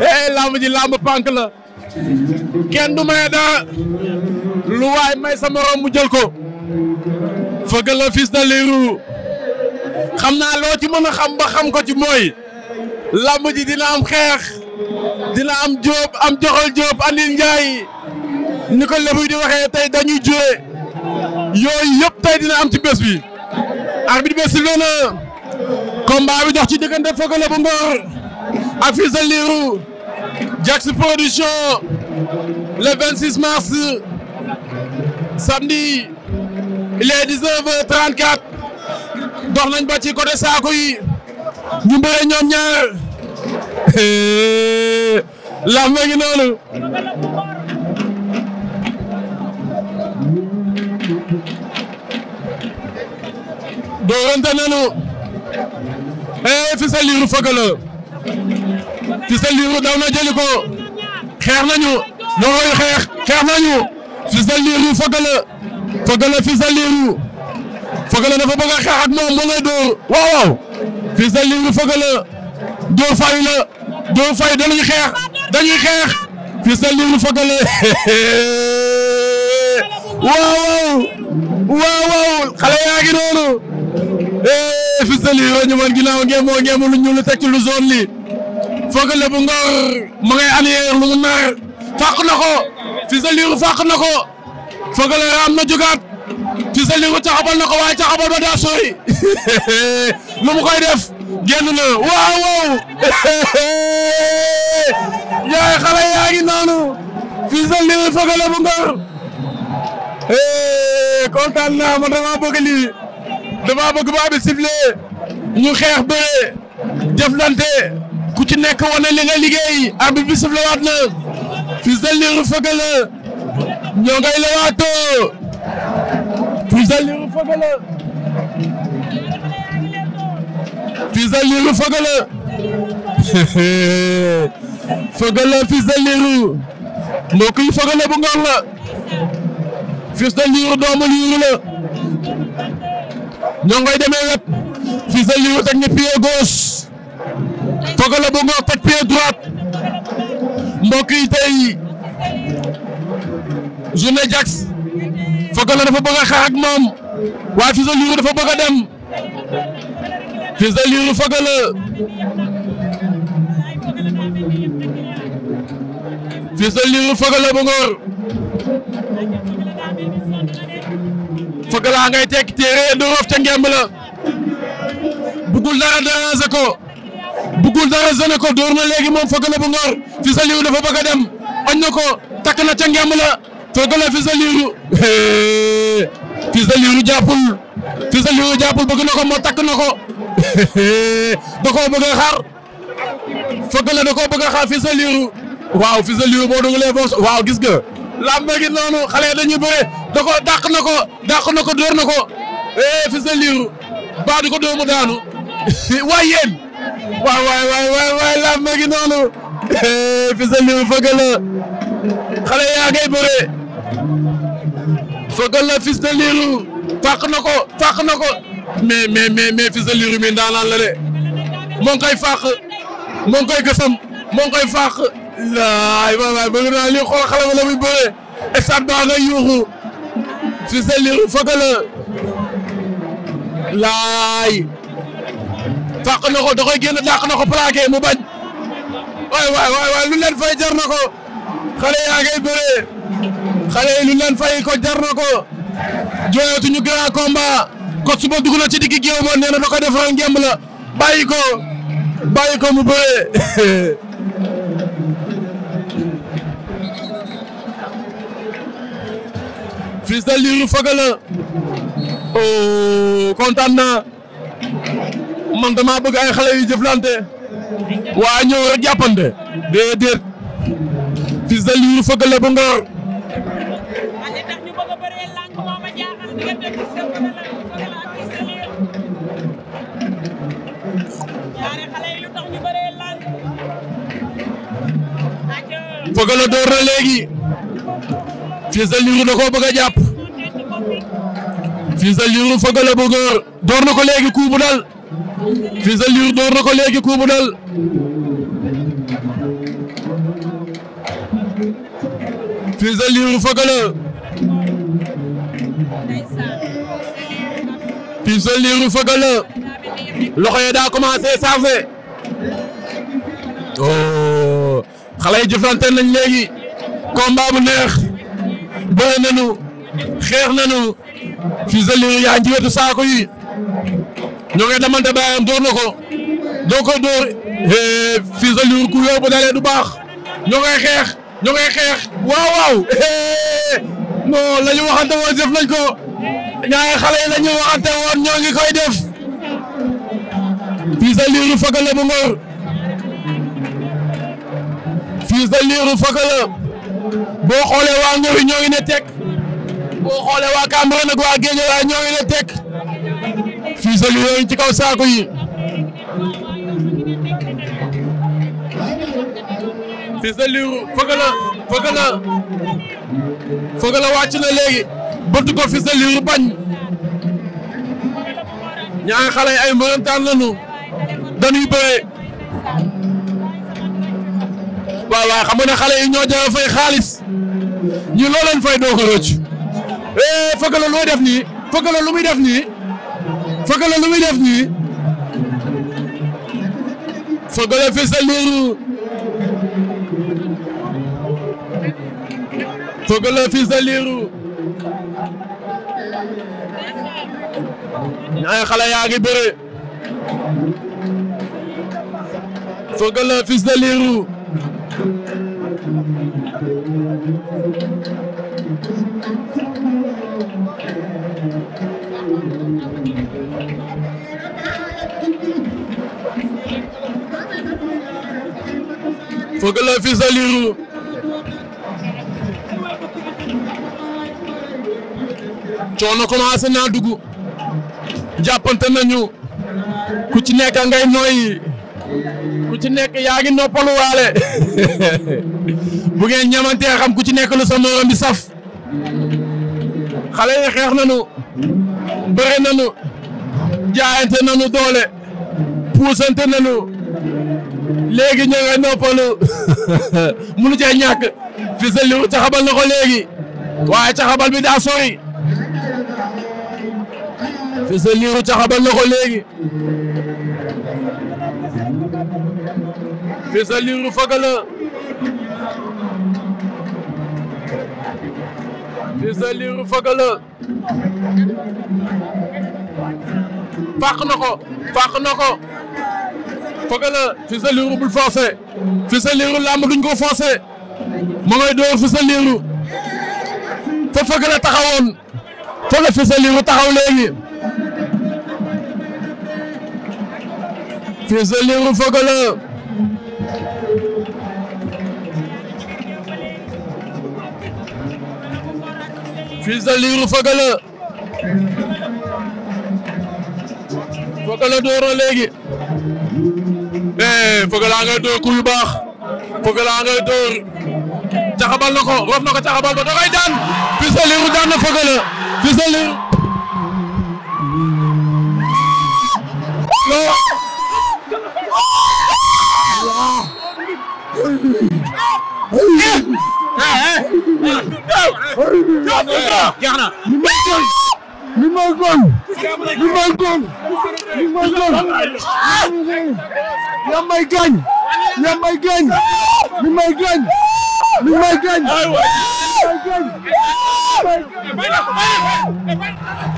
eh lamb ji lamb pànk la kenn du may da lu waay may sa morom mu jël ko fëgg la Fils de Lirou xam naa loo ci mën a xam ba xam ko ci mooy lamb ji dina am xeex dina am jóob am joxal jóob andil njaay ni ko lebuy di waxee tey dañuy jóoy yooyu yëpp tey dina am ci bés bi arbitre bi sifflé na combat bi dox ci diggante Feugeula bu Ngor Afisa Lirou Jax Production le 26 mars samedi il est 19h34 dox nañ ba ci côté saako yi ñu bëre ñoom ñaar lamb ngi noonu doorante nañu eh Fils Lirou Feugueleu Fils de Lirou daw na jëli ko xeex nañu ñoo koy xeex xeex nañu Fils de Lirou Feugeuleu Feugeuleu Fils de Lirou Feugeuleu dafa bëgg a xeex ak moom moo lay dóor waaw waaw Fils de Lirou Feugeuleu dóor fay la dóor fay dañuy xeex dañuy xeex Fils de Lirou Feugeuleu waaw waaw waaw xale yaa ngi noonu eh, Fils de Lirou ñu mën ginnaaw ngeen moo ngeen lu ñuul teg ci lu zone li Feugeuleu bu Ngor mu ngay année lu mu nar fàq na ko Fils de Lirou fàq na raam na jugaat Fils de Lirou caxabal na ko waaye caxabal ba daa lu mu koy def génn na waaw waaw yaay xale yaa ngi noonu Fils de Lirou bu Ngor eh, kontaan naa man damaa bëgg lii damaa bëgg ba bi sifflé ñu xeex bëre jëflante ku ci nekk wane li nga liggéey arbitre bi siflewaat na Fils de Lirou Feugeleu ñoo ngay lewaatoo Fils de Lirou Feugeleu Fils de Lirou Feugeleu Feugeleu Fils de Lirou mbokk yi Feugeleu bu ngor la Fils de Lirou doomu Lirou la ñoo ngay demee wet Fils de Lirou teg na pied gauche Pogolo Bongo pat pied droite mbokk yi tey journée Jax Pogolo dafa bëgg a xeex ak waaye Fils de Lirou dafa bëgg a dem Fils de Lirou Pogolo Fils de Lirou Pogolo Bongo Pogolo ngay tekki téere dóor of ca ngemb la bëggul dara bëggul dara zone ko door na léegi moom Feugeleu bu Ngor Fils de Lirou dafa bëgga a dem añ na ko takk na ca ngemb la Feugeleu Fils de Lirou Fils de Lirou jàppul na ko moo takk na ko da koo bëgg a xaar Feugeleu da koo bëgg a xaar Fils de Lirou waaw boo dugalee waaw gis nga làmb gi noonu xale dañuy bëre da ko na ko dàq na ko door na ko eh, Fils de Lirou baa ko doomu daanu waaye waaw waay waay laaf ma ngi noonu fi sa liw xale yaa ngay bëre fëgal la fils de liru fàq na ko fàq na ko mais mais mais mais la de moo koy fàq moo koy gësam moo koy fàq laay waay waay bëgg naa lii xale ba la muy bëre estat baa nga yuuxu fils de liru laay fàq na ko da koy génn dàq ko plaqué mu bañ. waay waay waay waay lu leen fay jar na ko xale yaa ngay lu leen fay ko jar na ko jooyatuñu grand ko suba dugg ci digg géew ba nee na da koy defaral ko bàyyi ko mu bëree. Fils de Lirou Feugeula oh kontaan man damaa bëgg ay xale yu jëflante. waa ñëw rek jàppante. door na léegi. Fils de Lirou da koo jàpp. Fils de Lirou fëggale bu door na ko léegi coup dal. Fils de Lirou door na ko léegi coup bu dal Fils de Lirou Feugeuleu Fils de Lirou Feugeuleu loxo yi daa commencé saafé oh xale yi jëflante nañ léegi combat bu neex bëre nañu xeex nañu Fils de Lirou yaa ngi ci wetu saako yi ñoo ngi demante baayam door na ko doo ko door ku yow bu du baax ñoo ngay xeex ñoo xeex waaw waaw non la ñu waxante woon def nañ ko ñaari xale yi la ñu waxante ngi koy def Fils de Lirou Feugeula bu Ngor Fils de boo xoolee waa Ngor ñoo ngi ne teg boo xoolee waa Cambérène ak waa Guédiawaye ñoo ngi ne teg Fils ak yooyu ci kaw saako yi. Fils de Lirou Feugeula Feugeula Feugeula wàcc na léegi bëtt ko Fils de Lirou yi ay mbërantaan lañu dañuy bëree. waaw waaw xam nga ne xale yi ñoo fay xaalis ñu loo leen fay doo ko rëcc. Eh, Feugeula looy def nii lu muy def Feugeuleu lu muy def nii Feugeuleu Fils de Lirou Feugeuleu Fils de Lirou ñaari xale yaa ngi bëre Feugeuleu Fils de Lirou Feugeleu Fils de Lirou coono commencé naa dugg jàppante nañu ku ci nekk ngay noyyi ku ci nekk yaa ngi noppalu waale bu ñamantee xam ku ci nekk sa xale yi xeex nañu bëre nañu jaayante nañu doole puusante nañu léegi ña nga noppalu munu cee ñàkk Fils de Lirou caxabal na ko léegi waaye caxabal bi daa sori Fils de caxabal na ko léegi Fils de Lirou fagala fàq na ko fàq na ko Feugeuleu Fils de Lirou bul forcé Fils de Lirou làmb duñ ko forcé ma ngay dóor Fils de Lirou fa Feugeuleu taxawoon Feugeuleu Fils de Lirou taxaw léegi Fils de Lirou Feugeuleu Fils de Lirou Feugeuleu Feugueleu la dooroon léegi eh Feugueleu a ngay door ku yu baax Feugueleu a ngay door caxabal na ko rof na ko caxabal ba da koy daan Fils de Lirou daan na Feugueleu Fils de Lirou eh, eh, eh. Jeex na. Li may gon. Li may gon. ñu may gaañ yaa may gaañ yaa may gaañ